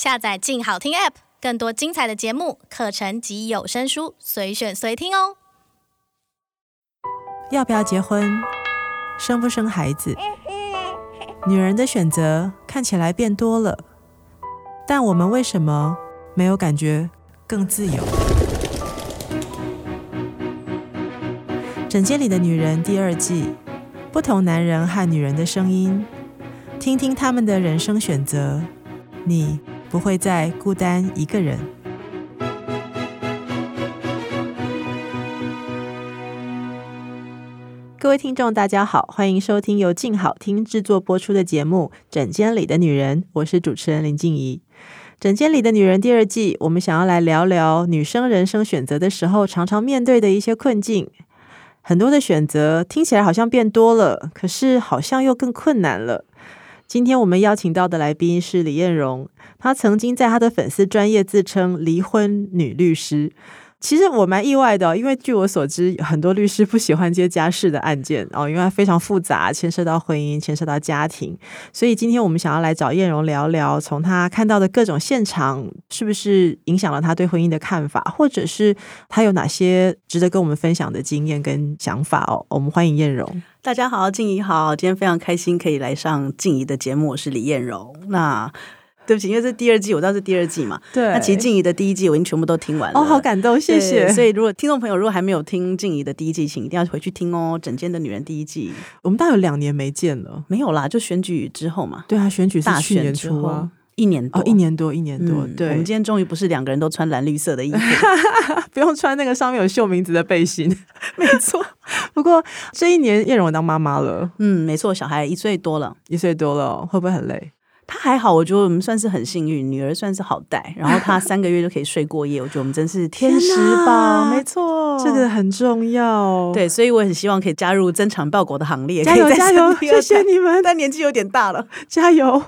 下載“靜好聽 ”App，更多精彩的節目、課程及有聲書，隨選隨聽哦。要不要結婚？生不生孩子？女人的選擇看起來變多了，但我們為什麼沒有感覺更自由？《診 間裡的女人》第二季，不同男人和女人的聲音，聽聽他們的人生選擇，你。不會再孤單一個人。各位聽眾，大家好，歡迎收聽由靜好聽制作播出的節目《診間裡的女人》，我是主持人林靜儀。《診間裡的女人》第二季，我們想要來聊聊女生人生選擇的時候常常面對的一些困境。很多的選擇聽起來好像變多了，可是好像又更困難了。今天我們邀請到的來賓是李晏榕，她曾經在她的粉絲專頁自稱離婚女律師。其實我蠻意外的哦，因為據我所知，很多律師不喜歡接家事的案件哦，因為它非常複雜，牽涉到婚姻，牽涉到家庭。所以今天我們想要來找晏榕聊聊，從她看到的各種現場，是不是影響了她對婚姻的看法，或者是她有哪些值得跟我們分享的經驗跟想法哦？我們歡迎晏榕。大家好，靜儀好，今天非常開心可以來上靜儀的節目，我是李晏榕。那對不起，因為這第二季，我知道這是第二季嘛。對，那其實靜儀的第一季我已經全部都聽完了，哦，好感動，謝謝。所以如果聽眾朋友如果還沒有聽靜儀的第一季，請一定要回去聽哦，《診間裡的女人》第一季。我們大概有兩年沒見了，沒有啦，就選舉之後嘛。對啊，選舉是大選之後。一年,哦、一年多，一年多，一年多。對，我們今天終於不是兩個人都穿藍綠色的衣服， 不用穿那個上面有繡名字的背心。 沒錯， 不過這一年，晏榕當媽媽了。嗯，沒錯，小孩一歲多了，一歲多了、哦，會不會很累？他還好，我覺得我們算是很幸運，女兒算是好帶，然後他三個月就可以睡過夜， 我覺得我們真是天使吧，啊，沒錯，這個很重要。對，所以我也很希望可以加入增產報國的行列，加油加油，謝謝你們，但年紀有點大了，加油。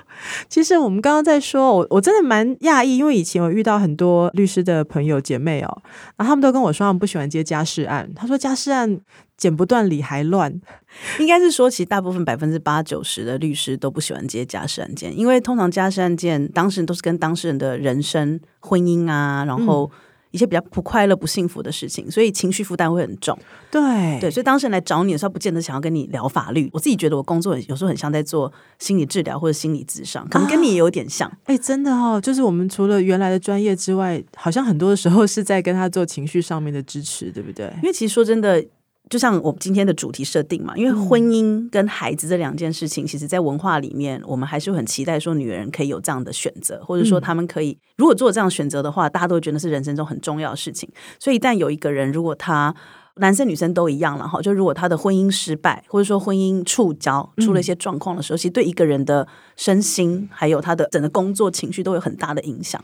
其實我們剛剛在說，我我真的蠻訝異，因為以前我遇到很多律師的朋友姐妹哦，喔，然後他們都跟我說他們不喜歡接家事案，他說家事案。剪不斷理還亂， 應該是說，其實大部分百分之八九十的律師都不喜歡接家事案件，因為通常家事案件當事人都是跟當事人的人生、婚姻啊，然後一些比較不快樂、不幸福的事情，所以情緒負擔會很重。對，對，所以當事人來找你的時候，不見得想要跟你聊法律。我自己覺得，我工作有時候很像在做心理治療或者心理諮商，可能跟你也有點像。哎、啊欸，真的哦，就是我們除了原來的專業之外，好像很多的時候是在跟他做情緒上面的支持，對不對？因為其實說真的。就像我們今天的主題設定嘛，因為婚姻跟孩子這兩件事情，嗯、其實，在文化裡面，我們還是很期待說女人可以有這樣的選擇，或者說他們可以、嗯、如果做這樣選擇的話，大家都覺得是人生中很重要的事情。所以，一旦有一個人，如果他男生女生都一樣了哈，就如果他的婚姻失敗，或者說婚姻觸礁出了一些狀況的時候、嗯，其實對一個人的身心，還有他的整個工作情緒，都有很大的影響。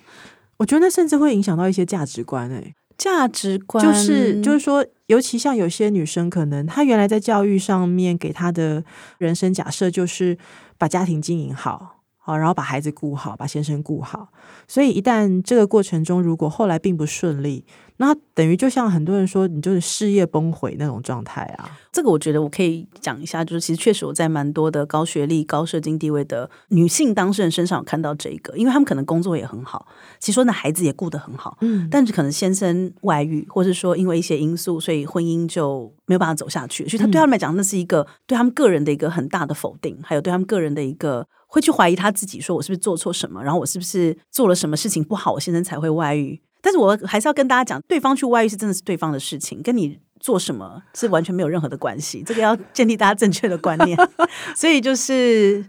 我覺得，甚至會影響到一些價值觀誒、欸。價值觀就是，就是說，尤其像有些女生，可能她原來在教育上面給她的人生假設，就是把家庭經營好。然後把孩子顧好，把先生顧好。所以一旦這個過程中，如果後來並不順利，那等於就像很多人說，你就是事業崩毀那種狀態啊。這個我覺得我可以講一下，就是其實確實我在蠻多的高學歷、高社經地位的女性當事人身上有看到這個，因為他們可能工作也很好，其實說那孩子也顧得很好，嗯，但是可能先生外遇，或者是說因為一些因素，所以婚姻就沒有辦法走下去。所以他對他們來講，那是一個對他們個人的一個很大的否定，還有對他們個人的一個。會去懷疑他自己，說我是不是做錯什麼，然後我是不是做了什麼事情不好，我先生才會外遇。但是我還是要跟大家講，對方去外遇是真的是對方的事情，跟你做什麼是完全沒有任何的關係。這個要建立大家正確的觀念。 所以就是，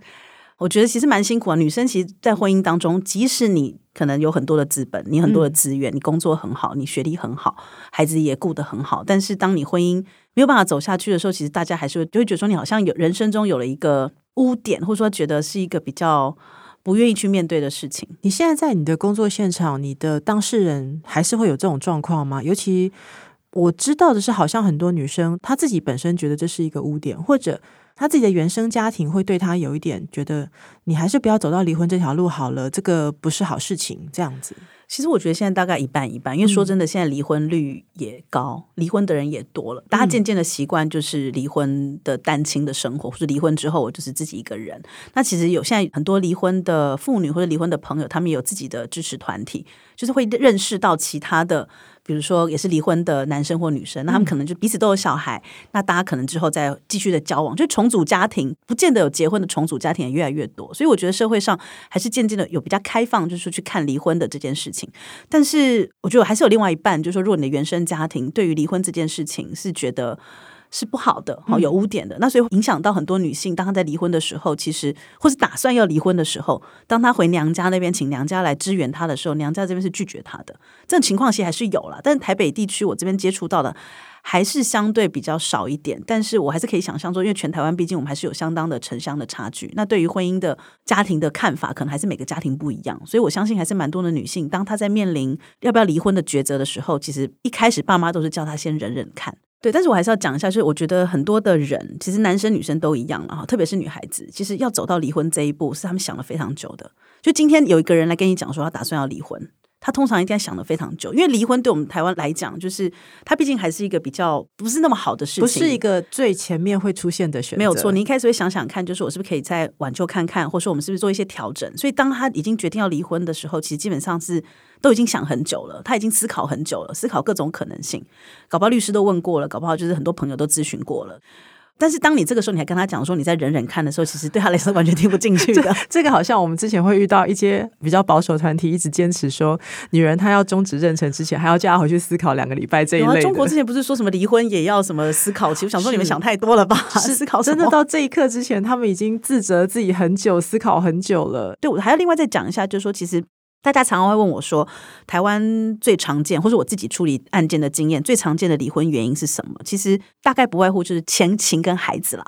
我覺得其實蠻辛苦啊，女生。其實，在婚姻當中，即使你可能有很多的資本，你很多的資源，嗯、你工作很好，你學歷很好，孩子也顧得很好，但是當你婚姻沒有辦法走下去的時候，其實大家還是會就會覺得說，你好像有人生中有了一個。污點，或者說覺得是一個比較不願意去面對的事情。你現在在你的工作現場，你的當事人還是會有這種狀況嗎？尤其我知道的是，好像很多女生她自己本身覺得這是一個污點，或者。他自己的原生家庭會對他有一點覺得，你還是不要走到離婚這條路好了，這個不是好事情。這樣子，其實我覺得現在大概一半一半，因為說真的，現在離婚率也高、嗯，離婚的人也多了，大家漸漸的習慣就是離婚的單親的生活，嗯、或是離婚之後我就是自己一個人。那其實有現在很多離婚的婦女或者離婚的朋友，他們也有自己的支持團體，就是會認識到其他的。比如說，也是離婚的男生或女生，那他們可能就彼此都有小孩，嗯、那大家可能之後再繼續的交往，就重組家庭，不見得有結婚的重組家庭也越來越多，所以我覺得社會上還是漸漸的有比較開放，就是去看離婚的這件事情。但是我覺得我還是有另外一半，就是說，如果你的原生家庭對於離婚這件事情是覺得。是不好的，好，嗯哦，有污點的。那所以會影響到很多女性，當她在離婚的時候，其實或是打算要離婚的時候，當她回娘家那邊請娘家來支援她的時候，娘家這邊是拒絕她的。這種情況其實還是有了啦，但台北地區我這邊接觸到的還是相對比較少一點。但是我還是可以想象說，因為全台灣畢竟我們還是有相當的城鄉的差距，那對於婚姻的家庭的看法，可能還是每個家庭不一樣。所以我相信還是蠻多的女性，當她在面臨要不要離婚的抉擇的時候，其實一開始爸媽都是叫她先忍忍看。對，但是我還是要講一下，就是我覺得很多的人，其實男生女生都一樣了哈，特別是女孩子，其實要走到離婚這一步，是他們想了非常久的。就今天有一個人來跟你講，說他打算要離婚。他通常應該想得非常久，因為離婚對我們台灣來講，就是他畢竟還是一個比較不是那麼好的事情，不是一個最前面會出現的選擇。沒有錯。你一開始會想想看，就是我是不是可以再挽救看看，或者說我們是不是做一些調整。所以當他已經決定要離婚的時候，其實基本上是都已經想很久了，他已經思考很久了，思考各種可能性，搞不好律師都問過了，搞不好就是很多朋友都諮詢過了。但是當你這個時候，你還跟他講說你再忍忍看的時候，其實對他來說完全聽不進去的 這。這個好像我們之前會遇到一些比較保守團體，一直堅持說女人她要終止妊娠之前，還要叫她回去思考兩個禮拜這一類的、啊。中國之前不是說什麼離婚也要什麼思考，其實我想說你們想太多了吧？是， 是思考真的到這一刻之前，他們已經自責自己很久，思考很久了。對，我還要另外再講一下，就是說其實。大家常常會問我說，台灣最常見，或是我自己處理案件的經驗，最常見的離婚原因是什麼？其實大概不外乎就是前情跟孩子啦。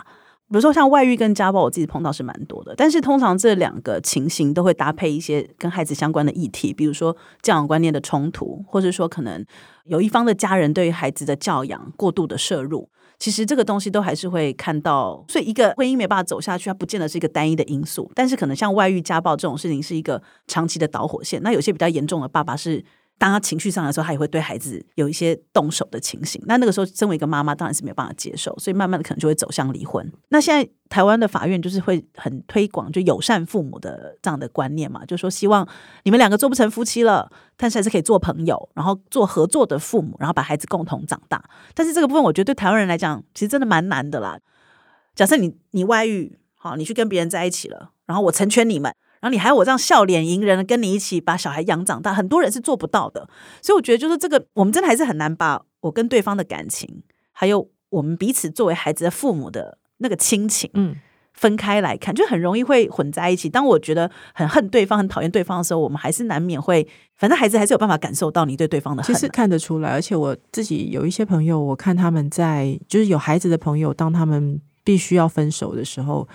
比如說像外遇跟家暴，我自己碰到是蠻多的。但是通常這兩個情形都會搭配一些跟孩子相關的議題，比如說教養觀念的衝突，或者說可能有一方的家人對於孩子的教養過度的涉入。其實這個東西都還是會看到，所以一個婚姻沒辦法走下去，它不見得是一個單一的因素，但是可能像外遇、家暴這種事情是一個長期的導火線。那有些比較嚴重的爸爸是。當他情緒上來的時候，他也會對孩子有一些動手的情形。那那個時候，身為一個媽媽，當然是沒有辦法接受，所以慢慢的可能就會走向離婚。那現在台灣的法院就是會很推廣就友善父母的這樣的觀念嘛，就是說希望你們兩個做不成夫妻了，但是還是可以做朋友，然後做合作的父母，然後把孩子共同長大。但是這個部分，我覺得對台灣人來講，其實真的蠻難的啦。假設你你外遇，好，你去跟別人在一起了，然後我成全你們。然後你還有我這樣笑臉迎人，跟你一起把小孩養長大，很多人是做不到的。所以我覺得，就是這個，我們真的還是很難把我跟對方的感情，還有我們彼此作為孩子的父母的那個親情，嗯，分開來看，就很容易會混在一起。當我覺得很恨對方、很討厭對方的時候，我們還是難免會，反正孩子還是有辦法感受到你對對方的好。其實看得出來，而且我自己有一些朋友，我看他們在，就是有孩子的朋友，當他們必須要分手的時候。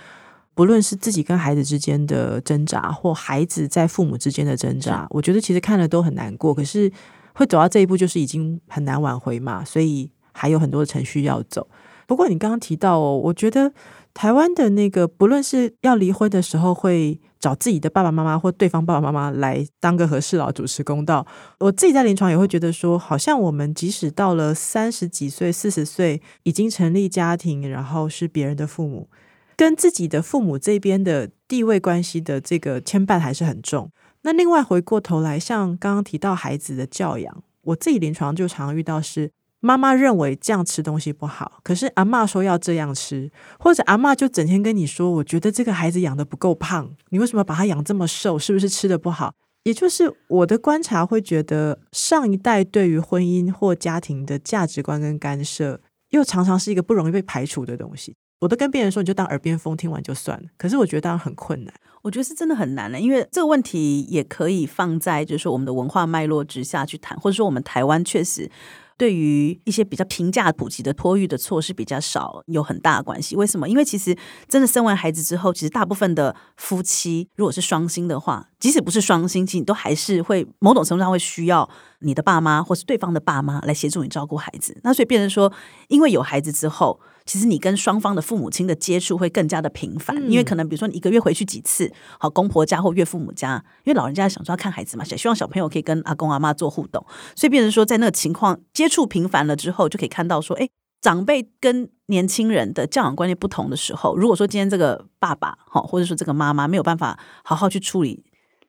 不論是自己跟孩子之間的掙扎，或孩子在父母之間的掙扎，我覺得其實看了都很難過。可是會走到這一步，就是已經很難挽回嘛，所以還有很多程序要走。不過你剛剛提到哦，我覺得台灣的那個，不論是要離婚的時候，會找自己的爸爸媽媽或對方爸爸媽媽來當個和事佬主持公道。我自己在臨床也會覺得說，好像我們即使到了三十幾歲、四十歲，已經成立家庭，然後是別人的父母。跟自己的父母這邊的地位關係的這個牽絆還是很重。那另外回過頭來，像剛剛提到孩子的教養，我自己臨床就常遇到是媽媽認為這樣吃東西不好，可是阿嬤說要這樣吃，或者阿嬤就整天跟你說，我覺得這個孩子養得不夠胖，你為什麼把他養這麼瘦？是不是吃得不好？也就是我的觀察會覺得，上一代對於婚姻或家庭的價值觀跟干涉，又常常是一個不容易被排除的東西。我都跟別人說，你就當耳邊風，聽完就算了。可是我覺得當然很困難，我覺得是真的很難了。因為這個問題也可以放在，就是說我們的文化脈絡之下去談，或者說我們台灣確實對於一些比較平價普及的托育的措施比較少，有很大的關係。為什麼？因為其實真的生完孩子之後，其實大部分的夫妻，如果是雙薪的話，即使不是雙薪，其實你都還是會某種程度上會需要你的爸媽或是對方的爸媽來協助你照顧孩子。那所以變成說，因為有孩子之後。其實你跟雙方的父母親的接觸會更加的頻繁，嗯、因為可能比如說你一個月回去幾次，好公婆家或岳父母家，因為老人家想說要看孩子嘛，也希望小朋友可以跟阿公阿媽做互動，所以變成說在那個情況接觸頻繁了之後，就可以看到說，哎，長輩跟年輕人的教養觀念不同的時候，如果說今天這個爸爸哈，或者說這個媽媽沒有辦法好好去處理。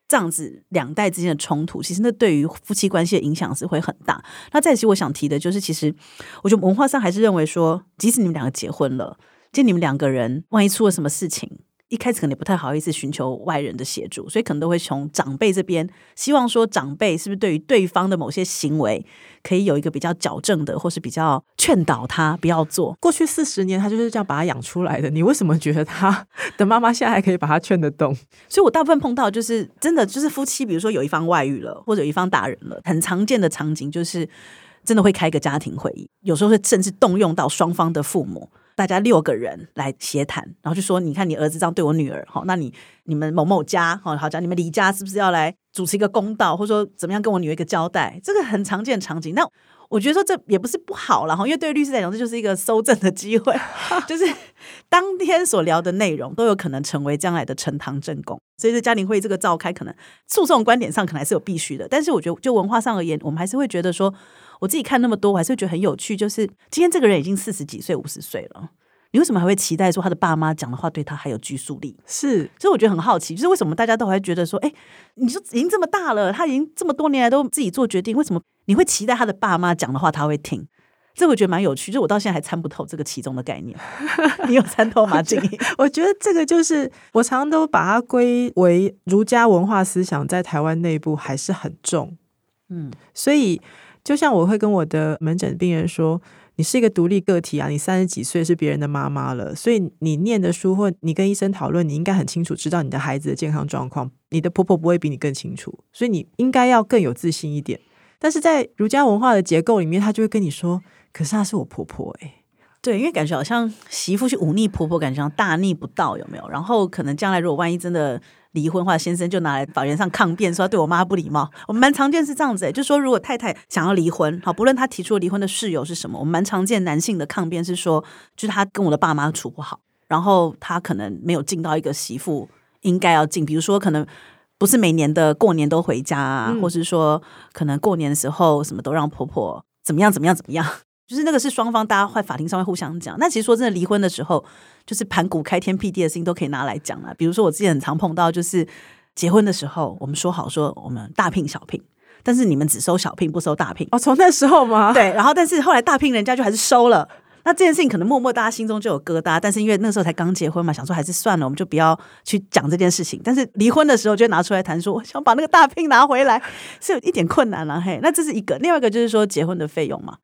這樣子兩代之間的衝突，其實那對於夫妻關係的影響是會很大。那再次其實我想提的，就是其實我覺得文化上還是認為說，即使你們兩個結婚了，就你們兩個人，萬一出了什麼事情。一開始可能也不太好意思尋求外人的協助，所以可能都會從長輩這邊希望說，長輩是不是對於對方的某些行為可以有一個比較矯正的，或是比較勸導他不要做。過去四十年，他就是這樣把他養出來的。你為什麼覺得他的媽媽現在還可以把他勸得動？ 所以我大部分碰到就是真的就是夫妻，比如說有一方外遇了，或者有一方打人了，很常見的場景就是真的會開個家庭會議，有時候會甚至動用到雙方的父母。大家六個人來協談，然後就說：“你看你兒子這樣對我女兒，那你你們某某家，好講你們離家是不是要來主持一個公道，或者說怎麼樣跟我女兒一個交代？”這個很常見的場景。那我覺得說這也不是不好了，哈，因為對於律師來講，這就是一個蒐證的機會，就是當天所聊的內容都有可能成為將來的呈堂證供。所以，這家庭會議這個召開，可能訴訟觀點上可能還是有必須的，但是我覺得就文化上而言，我們還是會覺得說。我自己看那麼多，我還是會覺得很有趣。就是今天這個人已經四十幾歲、五十歲了，你為什麼還會期待說他的爸媽講的話對他還有拘束力？是，所以我覺得很好奇，就是為什麼大家都還覺得說，哎、欸，你說已經這麼大了，他已經這麼多年來都自己做決定，為什麼你會期待他的爸媽講的話他會聽？這我覺得蠻有趣，就我到現在還參不透這個其中的概念。 你有參透嗎？ 我，我覺得這個就是我常常都把它歸為儒家文化思想在台灣內部還是很重。嗯，所以。就像我會跟我的門診病人說，你是一個獨立個體啊，你三十幾歲是別人的媽媽了，所以你念的書或你跟醫生討論，你應該很清楚知道你的孩子的健康狀況，你的婆婆不會比你更清楚，所以你應該要更有自信一點。但是在儒家文化的結構裡面，他就會跟你說，可是她是我婆婆欸。對，因為感覺好像媳婦去忤逆婆婆，感覺上大逆不道有沒有？然後可能將來如果萬一真的。離婚或者先生就拿來法院上抗辯說他對我媽不禮貌，我們蠻常見是這樣子就、欸、就說如果太太想要離婚，好不論他提出離婚的事由是什麼，我們蠻常見男性的抗辯是說，就是他跟我的爸媽處不好，然後他可能沒有盡到一個媳婦應該要盡，比如說可能不是每年的過年都回家，嗯、或是說可能過年的時候什麼都讓婆婆怎麼樣怎麼樣怎麼樣。 就是那個是雙方大家在法庭上會互相講。那其實說真的，離婚的時候，就是盤古開天闢地的事情都可以拿來講了。比如說，我之前很常碰到，就是結婚的時候，我們說好說我們大聘小聘，但是你們只收小聘不收大聘。哦，從那時候嗎？對。然後，但是後來大聘人家就還是收了。那這件事情可能默默大家心中就有疙瘩，但是因為那時候才剛結婚嘛，想說還是算了，我們就不要去講這件事情。但是離婚的時候就會拿出來談說，我想把那個大聘拿回來，是有一點困難了、啊、嘿。那這是一個，另外一個就是說結婚的費用嘛。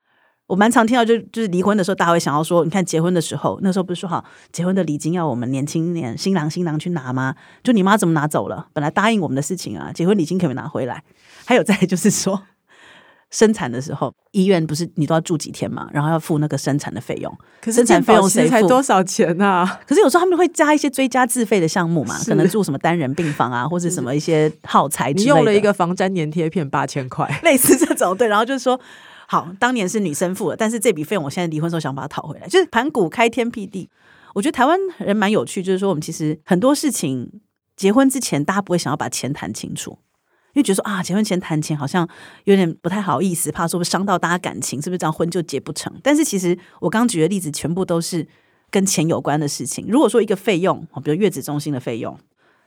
我蠻常聽到，就就是離婚的時候，大家會想要說，你看結婚的時候，那時候不是說好結婚的禮金要我們年輕人、新郎新郎去拿嗎？就你媽怎麼拿走了？本來答應我們的事情啊，結婚禮金可以拿回來。還有再來就是說， 生產的時候醫院不是你都要住幾天嘛，然後要付那個生產的費用，生產費用誰付多少錢啊？可是有時候他們會加一些追加自費的項目嘛，可能住什麼單人病房啊，或者什麼一些耗材、嗯，你用了一個防粘粘貼片八千塊， 類似這種對，然後就是說。好，當年是女生付的，但是這筆費用我現在離婚時候想把它討回來。就是盤古開天辟地，我覺得台灣人蠻有趣，就是說我們其實很多事情結婚之前大家不會想要把錢談清楚，因為覺得說啊，結婚前談錢好像有點不太好意思，怕說會傷到大家感情，是不是這樣婚就結不成？但是其實我剛舉的例子全部都是跟錢有關的事情。如果說一個費用，比如月子中心的費用。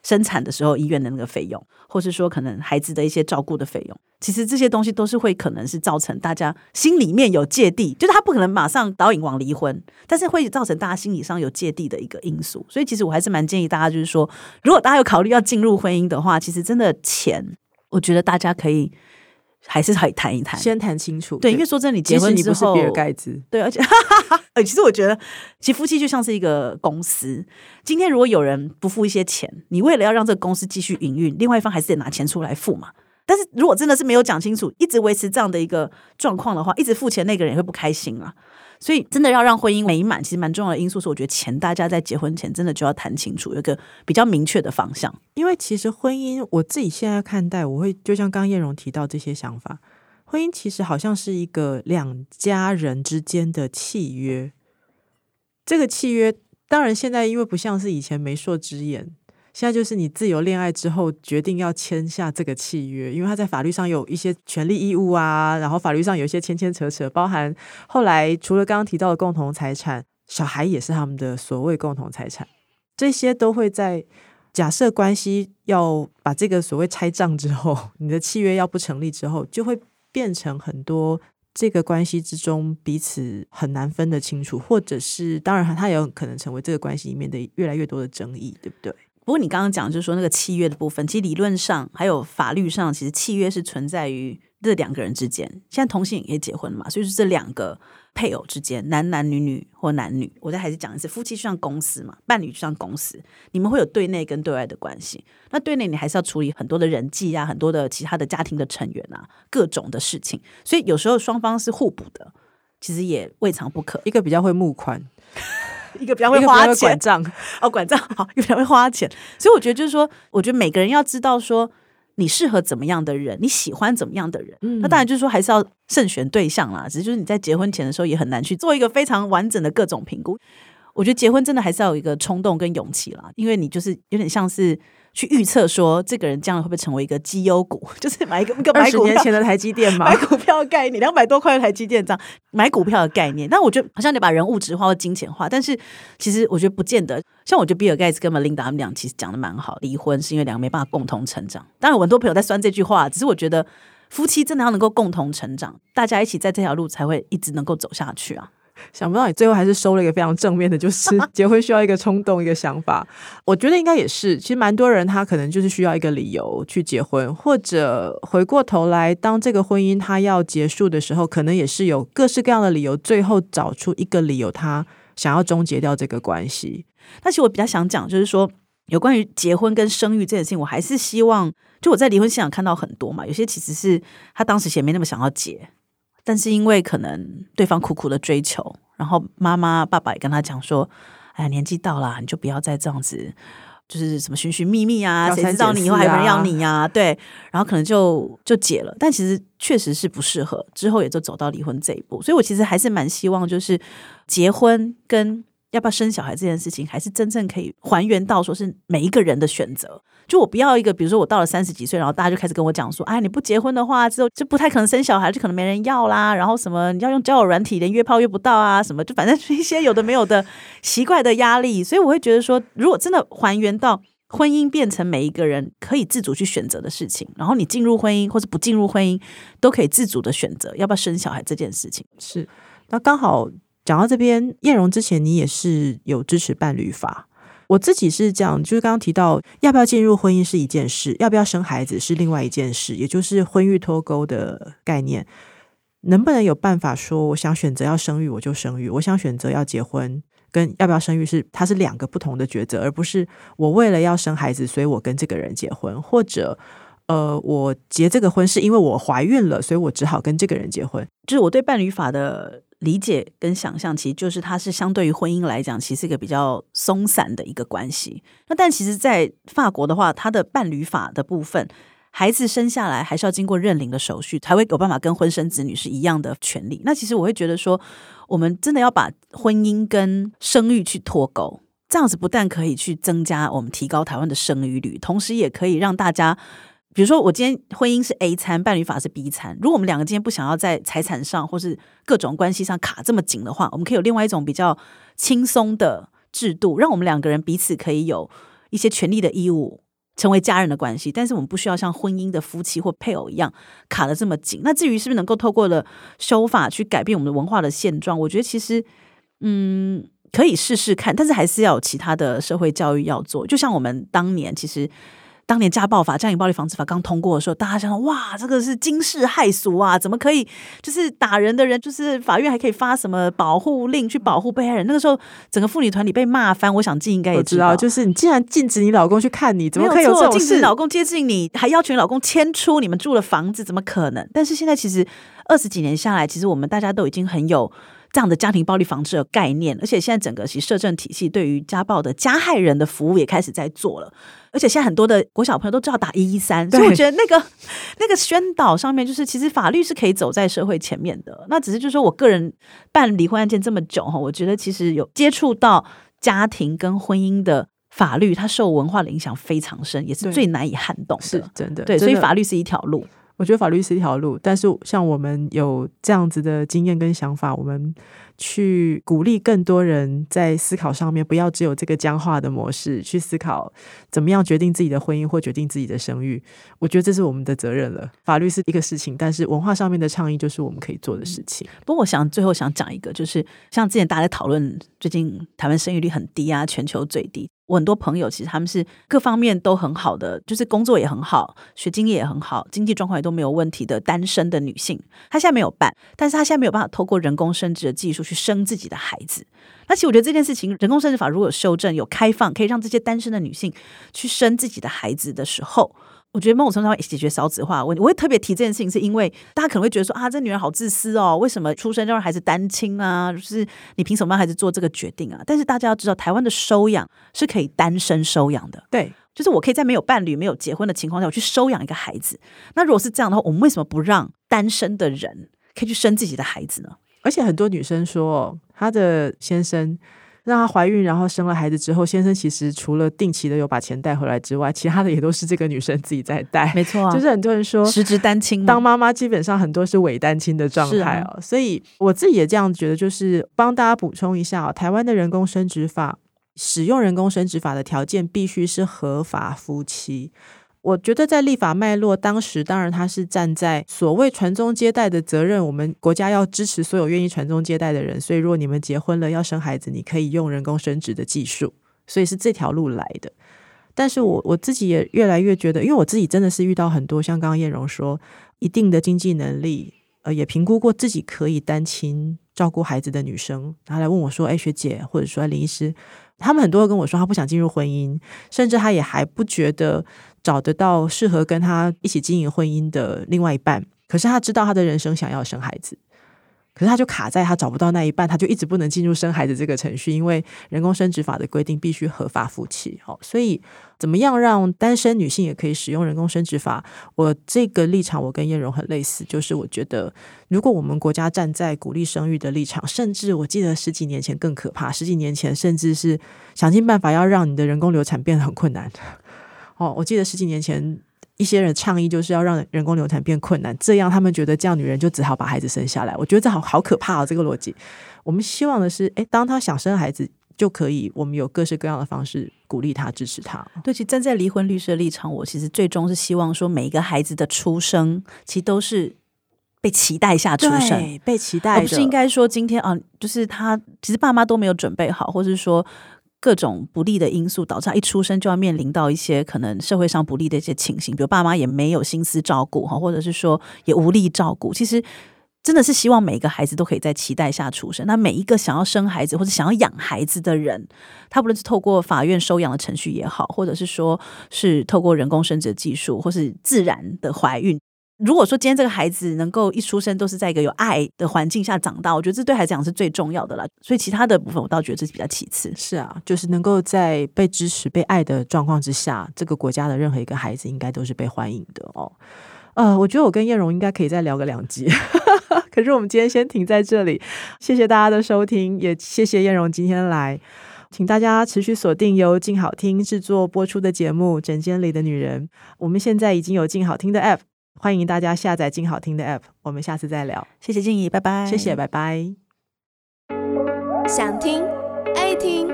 生產的時候醫院的那個費用，或是說可能孩子的一些照顧的費用，其實這些東西都是會可能是造成大家心裡面有芥蒂，就是他不可能馬上導引往離婚，但是會造成大家心理上有芥蒂的一個因素。所以其實我還是蠻建議大家，就是說如果大家有考慮要進入婚姻的話，其實真的錢，我覺得大家可以。還是可以談一談，先談清楚對。對，因為說真的，你結婚你不是比爾蓋茨。對，而且，哎哈哈哈哈，其實我覺得，其實夫妻就像是一個公司。今天如果有人不付一些錢，你為了要讓這個公司繼續營運，另外一方還是得拿錢出來付嘛。但是如果真的是沒有講清楚，一直維持這樣的一個狀況的話，一直付錢那個人也會不開心了、啊。所以，真的要讓婚姻美滿，其實蠻重要的因素是，我覺得錢，大家在結婚前真的就要談清楚，有個比較明確的方向。因為其實婚姻，我自己現在看待，我會就像剛剛晏榕提到這些想法，婚姻其實好像是一個兩家人之間的契約。這個契約，當然現在因為不像是以前媒妁之言。現在就是你自由戀愛之後決定要簽下這個契約，因為他在法律上有一些權利義務啊，然後法律上有一些牽牽扯扯，包含後來除了剛剛提到的共同財產，小孩也是他們的所謂共同財產。這些都會在假設關係要把這個所謂拆賬之後，你的契約要不成立之後，就會變成很多這個關係之中彼此很難分得清楚，或者是當然他也有可能成為這個關係裡面的越來越多的爭議，對不對？不過你剛剛講，就是說那個契約的部分，其實理論上還有法律上，其實契約是存在於這兩個人之間。現在同性也結婚了嘛，所以是這兩個配偶之間，男男女女或男女，我再還是講一次，夫妻就像公司嘛，伴侶就像公司，你們會有對內跟對外的關係。那對內你還是要處理很多的人際啊，很多的其他的家庭的成員啊，各種的事情。所以有時候雙方是互補的，其實也未嘗不可。一個比較會募寬。一個比較會花錢，管帳，哦，管賬好，又比較會花錢，所以我覺得就是說，我覺得每個人要知道說，你適合怎麼樣的人，你喜歡怎麼樣的人，嗯，那當然就是說還是要慎選對象啦。只是就是你在結婚前的時候也很難去做一個非常完整的各種評估。我覺得結婚真的還是要有一個衝動跟勇氣啦，因為你就是有點像是。去預測說這個人將來會不會成為一個績優股，就是買一個一個二十年前的台積電嘛， 買股票的概念，兩百多塊的台積電這樣買股票的概念。但我覺得好像你把人物質化或金錢化，但是其實我覺得不見得。像我覺得比爾蓋茨跟梅琳達他們倆其實講得蠻好，離婚是因為兩個沒辦法共同成長。當然有很多朋友在酸這句話，只是我覺得夫妻真的要能夠共同成長，大家一起在這條路才會一直能夠走下去啊。想不到你最後還是收了一個非常正面的，就是結婚需要一個衝動 一個想法。我覺得應該也是，其實蠻多人他可能就是需要一個理由去結婚，或者回過頭來，當這個婚姻他要結束的時候，可能也是有各式各樣的理由，最後找出一個理由，他想要終結掉這個關係。但是，我比較想講就是說，有關於結婚跟生育這件事情，我還是希望，就我在離婚現場看到很多嘛，有些其實是他當時其實也沒那麼想要結。但是因為可能對方苦苦的追求，然後媽媽爸爸也跟他講說：“哎呀，年紀到了，你就不要再這樣子，就是什麼尋尋覓覓啊，啊，誰知道你以後還有人要你呀、啊？”對，然後可能就就結了。但其實確實是不適合，之後也就走到離婚這一步。所以我其實還是蠻希望，就是結婚跟。要不要生小孩這件事情，還是真正可以還原到說是每一個人的選擇。就我不要一個，比如說我到了三十幾歲，然後大家就開始跟我講說：“哎，你不結婚的話，之後就不太可能生小孩，就可能沒人要啦。”然後什麼你要用交友軟體，連約炮約不到啊，什麼就反正是一些有的沒有的奇怪的壓力。 所以我會覺得說，如果真的還原到婚姻變成每一個人可以自主去選擇的事情，然後你進入婚姻或是不進入婚姻，都可以自主的選擇要不要生小孩這件事情。是，那剛好。講到這邊，晏榕，之前你也是有支持伴侶法。我自己是這樣，就是剛剛提到要不要進入婚姻是一件事，要不要生孩子是另外一件事，也就是婚育脫鈎的概念。能不能有辦法說，我想選擇要生育，我就生育；我想選擇要結婚，跟要不要生育是它是兩個不同的抉擇，而不是我為了要生孩子，所以我跟這個人結婚，或者呃，我結這個婚是因為我懷孕了，所以我只好跟這個人結婚。就是我對伴侶法的。理解跟想象，其實就是它是相對於婚姻來講，其實是一個比較鬆散的一個關係。那但其實，在法國的話，它的伴侶法的部分，孩子生下來還是要經過認領的手續，才會有辦法跟婚生子女是一樣的權利。那其實我會覺得說，我們真的要把婚姻跟生育去脫鈎，這樣子不但可以去增加我們提高台灣的生育率，同時也可以讓大家。比如說，我今天婚姻是 A 餐，伴侶法是 B 餐。如果我們兩個今天不想要在財產上或是各種關係上卡這麼緊的話，我們可以有另外一種比較輕鬆的制度，讓我們兩個人彼此可以有一些權利的義務，成為家人的關係。但是我們不需要像婚姻的夫妻或配偶一樣卡得這麼緊。那至於是不是能夠透過了修法去改變我們的文化的現狀，我覺得其實嗯可以試試看，但是還是要有其他的社會教育要做。就像我們當年其實。當年家暴法、家庭暴力防治法剛通過的時候，大家想說，哇，這個是驚世駭俗啊！怎麼可以，就是打人的人，就是法院還可以發什麼保護令去保護被害人？那個時候，整個婦女團體被罵翻。我想，靜應該也知道，知道就是你竟然禁止你老公去看你，怎麼可以有這種事？禁止老公接近你，還要求你老公遷出你們住的房子，怎麼可能？但是現在，其實二十幾年下來，其實我們大家都已經很有。這樣的家庭暴力防治的概念，而且現在整個其實社政體系對於家暴的加害人的服務也開始在做了，而且現在很多的國小朋友都知道打一一三，所以我覺得那個那個宣導上面，就是其實法律是可以走在社會前面的。那只是就是說我個人辦離婚案件這麼久哈，我覺得其實有接觸到家庭跟婚姻的法律，它受文化的影響非常深，也是最難以撼動的，是真的。對，所以法律是一條路。我覺得法律是一條路，但是像我們有這樣子的經驗跟想法，我們。去鼓勵更多人在思考上面，不要只有這個僵化的模式去思考怎麼樣決定自己的婚姻或決定自己的生育。我覺得這是我們的責任了。法律是一個事情，但是文化上面的倡議就是我們可以做的事情。嗯，不過，我想最後想講一個，就是像之前大家在討論，最近台灣生育率很低啊，全球最低。我很多朋友其實他們是各方面都很好的，就是工作也很好，學經驗也很好，經濟狀況也都沒有問題的單身的女性，她現在沒有辦，但是她現在沒有辦法透過人工生殖的技術。去生自己的孩子，那其實我覺得這件事情，人工生殖法如果有修正、有開放，可以讓這些單身的女性去生自己的孩子的時候，我覺得某種程度上會解決少子化問題。我會特別提這件事情，是因為大家可能會覺得說啊，這女人好自私哦，為什麼出生就讓孩子單親啊？就是，你憑什麼讓孩子做這個決定啊？但是大家要知道，台灣的收養是可以單身收養的，對，就是我可以在沒有伴侶、沒有結婚的情況下，我去收養一個孩子。那如果是這樣的話，我們為什麼不讓單身的人可以去生自己的孩子呢？而且很多女生說，她的先生讓她懷孕，然後生了孩子之後，先生其實除了定期的有把錢帶回來之外，其他的也都是這個女生自己在帶。沒錯、啊，就是很多人說，實質單親當媽媽，基本上很多是偽單親的狀態哦。啊、所以我自己也這樣覺得，就是幫大家補充一下哦，台灣的人工生殖法，使用人工生殖法的條件，必須是合法夫妻。我覺得在立法脈絡當時，當然他是站在所謂傳宗接代的責任，我們國家要支持所有願意傳宗接代的人，所以如果你們結婚了要生孩子，你可以用人工生殖的技術，所以是這條路來的。但是我我自己也越來越覺得，因為我自己真的是遇到很多像剛剛晏榕說，一定的經濟能力，呃，也評估過自己可以單親照顧孩子的女生，她來問我說：“哎，學姐，或者說林醫師，他們很多人跟我說，他不想進入婚姻，甚至他也還不覺得。”找得到適合跟他一起經營婚姻的另外一半，可是他知道他的人生想要生孩子，可是他就卡在他找不到那一半，他就一直不能進入生孩子這個程序，因為人工生殖法的規定必須合法夫妻。好、哦，所以怎麼樣讓單身女性也可以使用人工生殖法？我這個立場我跟晏榕很類似，就是我覺得如果我們國家站在鼓勵生育的立場，甚至我記得十幾年前更可怕，十幾年前甚至是想盡辦法要讓你的人工流產變得很困難。哦，我記得十幾年前一些人倡議就是要讓人工流產變困難，這樣他們覺得這樣女人就只好把孩子生下來。我覺得這好好可怕哦，這個邏輯。我們希望的是，哎，當他想生孩子，就可以，我們有各式各樣的方式鼓勵他、支持他。對，其實站在離婚律師的立場，我其實最終是希望說，每一個孩子的出生其實都是被期待下出生，對，被期待的。而不是應該說今天啊，就是他其實爸媽都沒有準備好，或是說。各種不利的因素，導致他一出生就要面臨到一些可能社會上不利的一些情形，比如爸媽也沒有心思照顧哈，或者是說也無力照顧。其實真的是希望每一個孩子都可以在期待下出生。那每一個想要生孩子或者想要養孩子的人，他不論是透過法院收養的程序也好，或者是說是透過人工生殖技術，或是自然的懷孕。如果說今天這個孩子能夠一出生都是在一個有愛的環境下長大，我覺得這對孩子講是最重要的啦。所以其他的部分我倒覺得是比較其次。是啊，就是能夠在被支持、被愛的狀況之下，這個國家的任何一個孩子應該都是被歡迎的哦。呃，我覺得我跟晏榕應該可以再聊個兩集， 可是我們今天先停在這裡。謝謝大家的收聽，也謝謝晏榕今天來，請大家持續鎖定由靜好聽制作播出的節目《診間裡的女人》。我們現在已經有靜好聽的 App。歡迎大家下載“靜好聽”的 App，我們下次再聊。謝謝靜儀，拜拜。謝謝，拜拜。想聽，愛聽，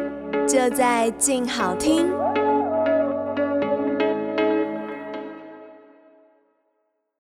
就在“靜好聽”。